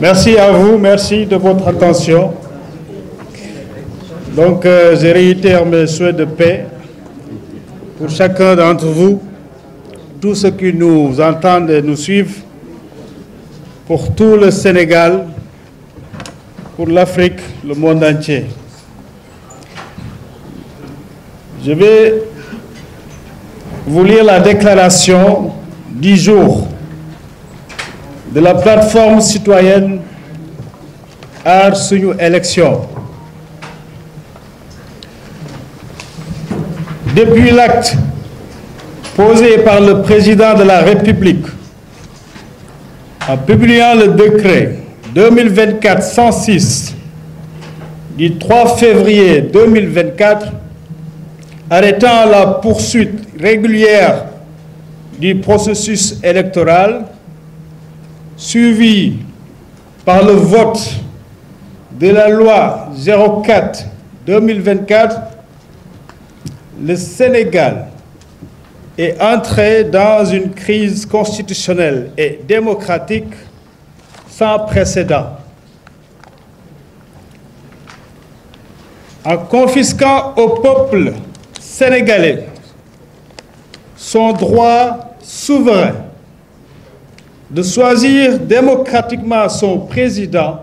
Merci à vous, merci de votre attention. Donc, euh, je réitère mes souhaits de paix pour chacun d'entre vous, tous ceux qui nous entendent et nous suivent, pour tout le Sénégal, pour l'Afrique, le monde entier. Je vais vous lire la déclaration dix jours de la plateforme citoyenne Art Election Élection. Depuis l'acte posé par le président de la République en publiant le décret 2024-106 du 3 février 2024 arrêtant la poursuite régulière du processus électoral suivi par le vote de la loi 04-2024, le Sénégal est entré dans une crise constitutionnelle et démocratique sans précédent. En confisquant au peuple sénégalais son droit souverain de choisir démocratiquement son président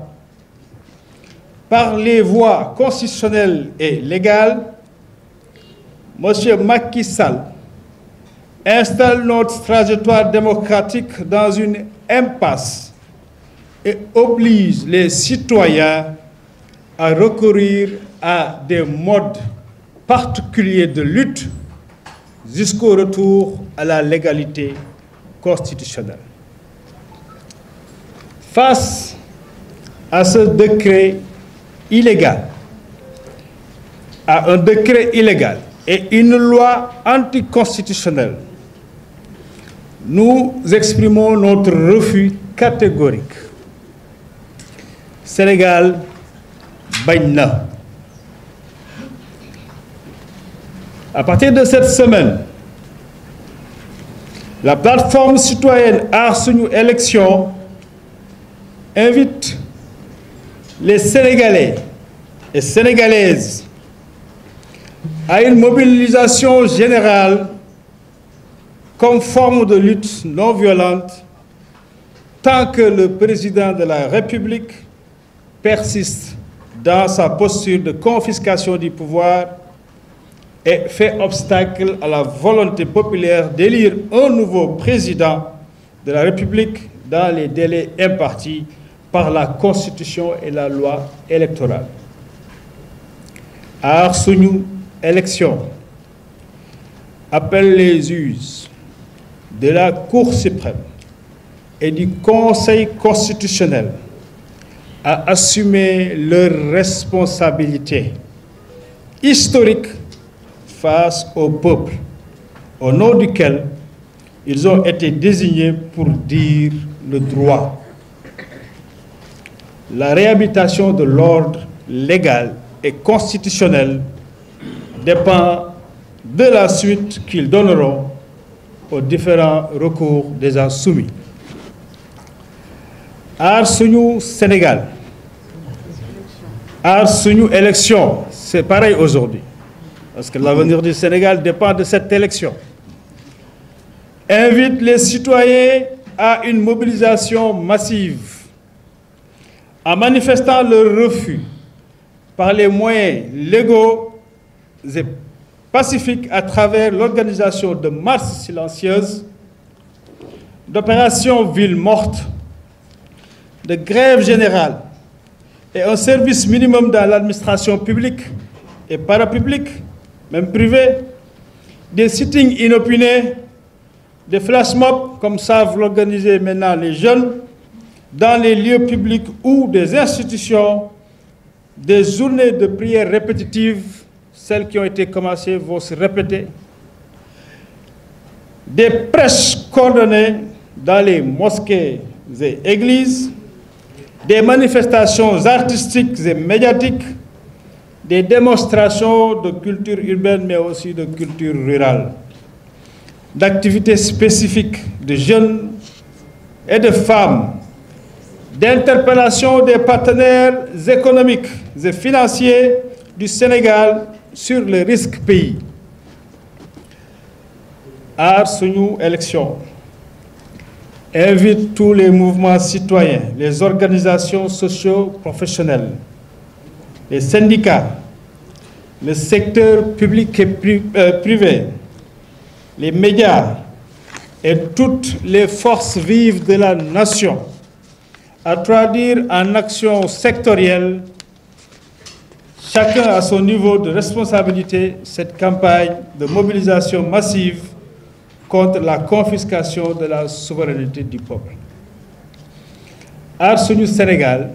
par les voies constitutionnelles et légales, M. Macky Sall installe notre trajectoire démocratique dans une impasse et oblige les citoyens à recourir à des modes particuliers de lutte jusqu'au retour à la légalité constitutionnelle. Face à ce décret illégal, à un décret illégal et une loi anticonstitutionnelle, nous exprimons notre refus catégorique. Sénégal, Baïna. À partir de cette semaine, la plateforme citoyenne Arsenio Élection invite les Sénégalais et Sénégalaises à une mobilisation générale comme forme de lutte non violente tant que le président de la République persiste dans sa posture de confiscation du pouvoir et fait obstacle à la volonté populaire d'élire un nouveau président de la République dans les délais impartis par la Constitution et la loi électorale. À Arsounou, élection, appelle les us de la Cour suprême et du Conseil constitutionnel à assumer leurs responsabilités historiques face au peuple, au nom duquel ils ont été désignés pour dire le droit la réhabilitation de l'ordre légal et constitutionnel dépend de la suite qu'ils donneront aux différents recours déjà soumis. Arsenio Sénégal Arsenio élection c'est pareil aujourd'hui parce que l'avenir du Sénégal dépend de cette élection invite les citoyens à une mobilisation massive en manifestant leur refus par les moyens légaux et pacifiques à travers l'organisation de marches silencieuses, d'opérations villes mortes, de grèves générales et un service minimum dans l'administration publique et parapublique, même privée, des sittings inopinés, des flash mobs, comme savent l'organiser maintenant les jeunes, dans les lieux publics ou des institutions, des journées de prière répétitives, celles qui ont été commencées vont se répéter, des prêches coordonnées dans les mosquées et églises, des manifestations artistiques et médiatiques, des démonstrations de culture urbaine mais aussi de culture rurale, d'activités spécifiques de jeunes et de femmes d'interpellation des partenaires économiques et financiers du Sénégal sur le risque pays. Arsounou Élection invite tous les mouvements citoyens, les organisations socio-professionnelles, les syndicats, le secteur public et euh, privé, les médias et toutes les forces vives de la nation à traduire en action sectorielle, chacun à son niveau de responsabilité, cette campagne de mobilisation massive contre la confiscation de la souveraineté du peuple. Arsenu Sénégal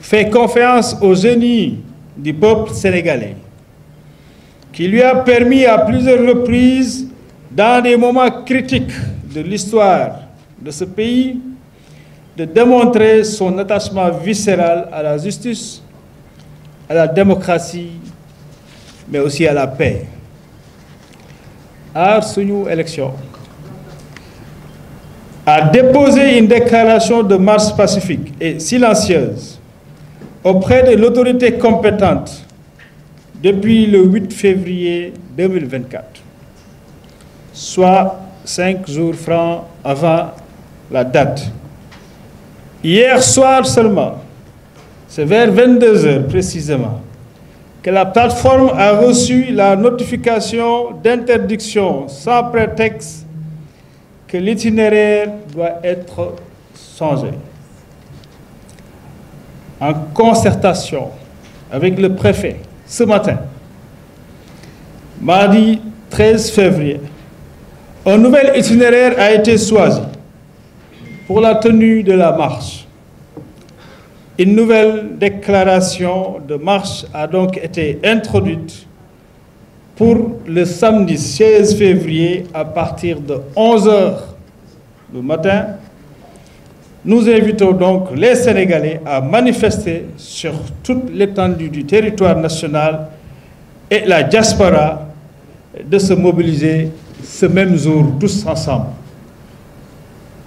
fait confiance au génie du peuple sénégalais qui lui a permis à plusieurs reprises, dans des moments critiques de l'histoire de ce pays, de démontrer son attachement viscéral à la justice, à la démocratie, mais aussi à la paix. À élection a déposé une déclaration de marche pacifique et silencieuse auprès de l'autorité compétente depuis le 8 février 2024, soit cinq jours francs avant la date Hier soir seulement, c'est vers 22 heures précisément, que la plateforme a reçu la notification d'interdiction sans prétexte que l'itinéraire doit être changé. En concertation avec le préfet ce matin, mardi 13 février, un nouvel itinéraire a été choisi pour la tenue de la marche. Une nouvelle déclaration de marche a donc été introduite pour le samedi 16 février à partir de 11h du matin. Nous invitons donc les Sénégalais à manifester sur toute l'étendue du territoire national et la diaspora de se mobiliser ce même jour tous ensemble.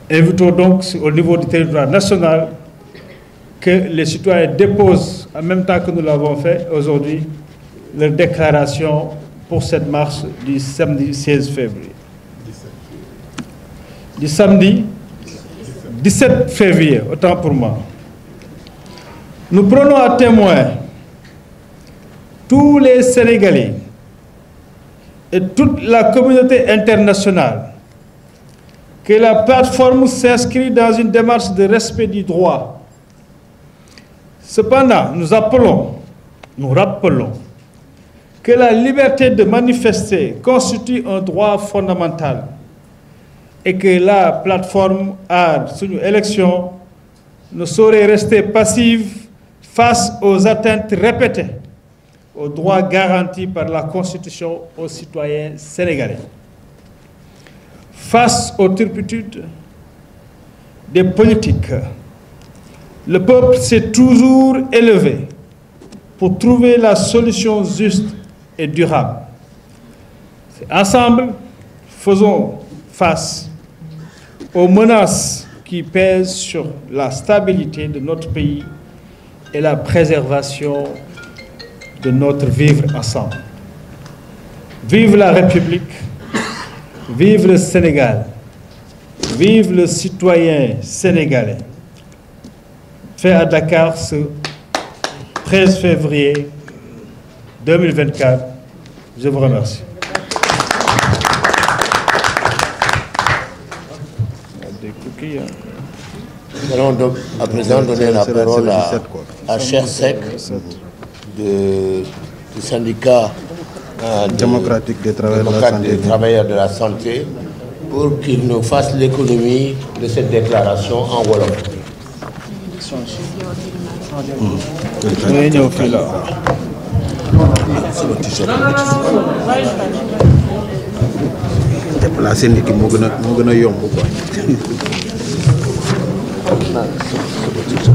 Invitons donc au niveau du territoire national que les citoyens déposent, en même temps que nous l'avons fait aujourd'hui, leur déclaration pour cette marche du samedi 16 février. Du samedi 17 février, autant pour moi. Nous prenons à témoin tous les Sénégalais et toute la communauté internationale que la plateforme s'inscrit dans une démarche de respect du droit. Cependant, nous appelons, nous rappelons que la liberté de manifester constitue un droit fondamental et que la plateforme à sous une élection ne saurait rester passive face aux atteintes répétées aux droits garantis par la Constitution aux citoyens sénégalais. Face aux turpitudes des politiques, le peuple s'est toujours élevé pour trouver la solution juste et durable. Ensemble, faisons face aux menaces qui pèsent sur la stabilité de notre pays et la préservation de notre vivre ensemble. Vive la République Vive le Sénégal. Vive le citoyen sénégalais. Fait à Dakar ce 13 février 2024. Je vous remercie. Nous allons donc à présent donner la parole à, du syndicat euh, démocratique des travailleurs, de, la santé. pour qu'il nous fasse l'économie de cette déclaration en Wallon.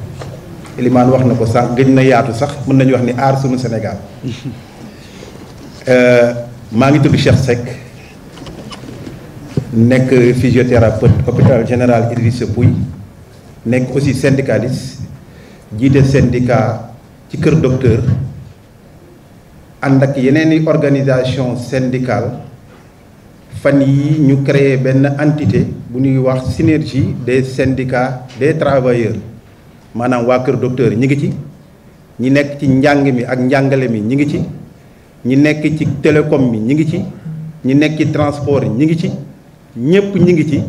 Elimane wax na ko sax gëj na yaatu sax mën nañu wax ni aar sunu Sénégal euh, maa ngi tudd Cheikh Seck nekk physiothérapeute hôpital général Idrissa Pouye nekk aussi syndicaliste jiite syndicat ci kër docteur ànd ak yeneen i organisation syndicale fan yi ñu créé benn entité bu ñuy wax synergie des syndicats des travailleurs maanaam waa kër docteur ñi ngi ci ñi nekk ci njàng mi ak njàngale mi ñi ngi ci ñi nekk ci télécom mi ñi ngi ci ñi nekk ci transport ñi ngi ci ñépp ñi ngi ci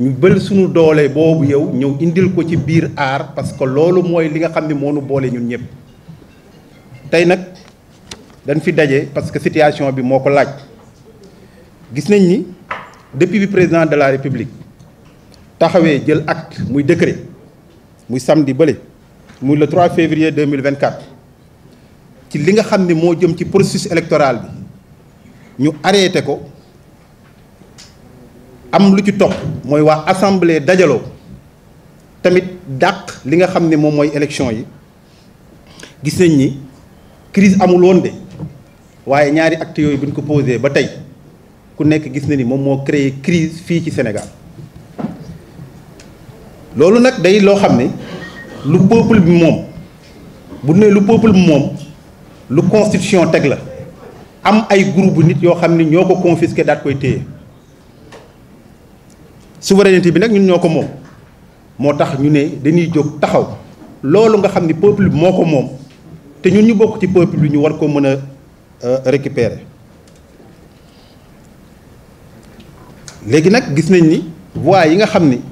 ñu bël suñu doole boobu yow ñëw indil ko ci biir aar parce que loolu mooy li nga xam ni moonu boole ñun ñëpp tey nag dañ fi daje parce que situation bi moo ko laaj gis nañ ni depuis bi président de la république taxawee jël acte muy décret muy samedi bële muy le 3 février 2024 ci li nga xam ne moo jëm ci processus électoral bi ñu arrêté ko am lu ci topp mooy wax assemblée dajaloo tamit dàq li nga xam ne moom mooy élection yi gis nañ ni crise amuloon de waaye ñaari actes yooyu bu ñu ko posé ba tey ku nekk gis na ni moom moo créer crise fii ci Sénégal loolu nag day loo xam ne lu peuple bi moom bu ne lu peuple bi moom lu constitution teg la am ay groupe nit yoo xam ne ñoo ko confisqué daat koy téye souveraineté bi nag ñun ñoo ko moom moo tax ñu ne dañuy jóg taxaw loolu nga xam ne peuple bi moo ko moom te ñun ñu bokk ci peuple bi ñu war ko mën a euh, récupérer léegi nag gis nañ ni voix yi nga xam ni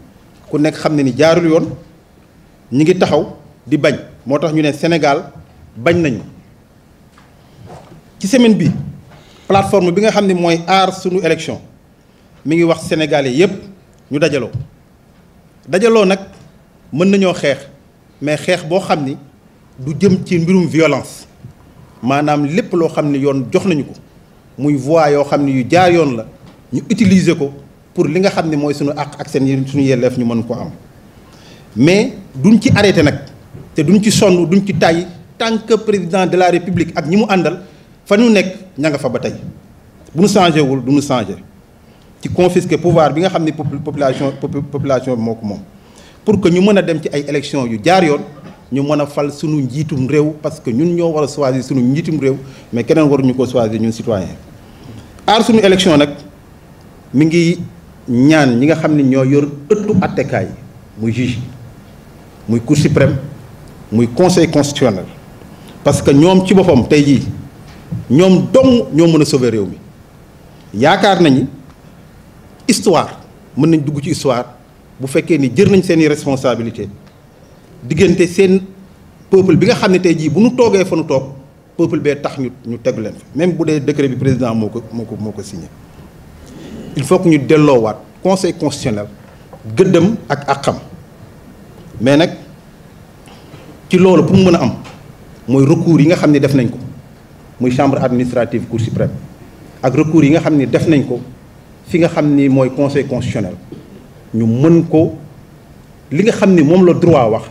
ku nekk xam ne ni jaarul yoon ñi ngi taxaw di bañ moo tax ñu ne Sénégal bañ nañu ci semaine bi plateforme bi nga xam ne mooy aar sunu élection mi ngi wax sénégalais yépp ñu dajaloo dajaloo nag mën nañoo xeex mais xeex boo xam ni du jëm ci mbirum violence maanaam lépp loo xam ne yoon jox nañu ko muy voie yoo xam ne yu jaar yoon la ñu utiliser ko pour li nga xamné moy suñu ak ak seen suñu yelleef ñu mën ko am mais duñ ci arrêté nak té duñ ci sonu duñ ci tàyyi tant que président de la république ak ñimu andal fa ñu nek ña nga fa ba tay bu ñu changé wul du ñu changé ci confisquer pouvoir bi nga xamné ne population population moko mom pour que ñu mëna dem ci ay élection yu jaar yoon ñu mëna fal suñu njiitum rew parce que ñun ñoo wara choisir suñu njiitum rew mais keneen ñu ko choisir ñun citoyen ar suñu élection nak mi ngi ñaan ñi nga xam ni ñoo yor ëttu attekaay muy juge muy cour suprême muy conseil constitutionnel parce que ñoom ci boppam tey jii ñoom dong ñoo mën a sobee réew mi yaakaar nañu histoire mën nañ dugg ci histoire bu fekkee ni jër nañ seeni responsabilité diggante seen peuple bi nga xam ne tey jii bu nu toogee fa nu toog peuple bee tax ñu ñu tegu leen fa même bu dee décret bi président moo ko moo ko moo ko signé il faut que ñu delloowaat conseil constitutionnel gëddam ak Akam. mais nag ci loolu pour mu mën a am recours yi nga xam fait. def nañ chambre administrative cour suprême ak recours yi nga xam fait, def nañ ko fi nga conseil constitutionnel ñu mën ko li nga xam ni moom le droit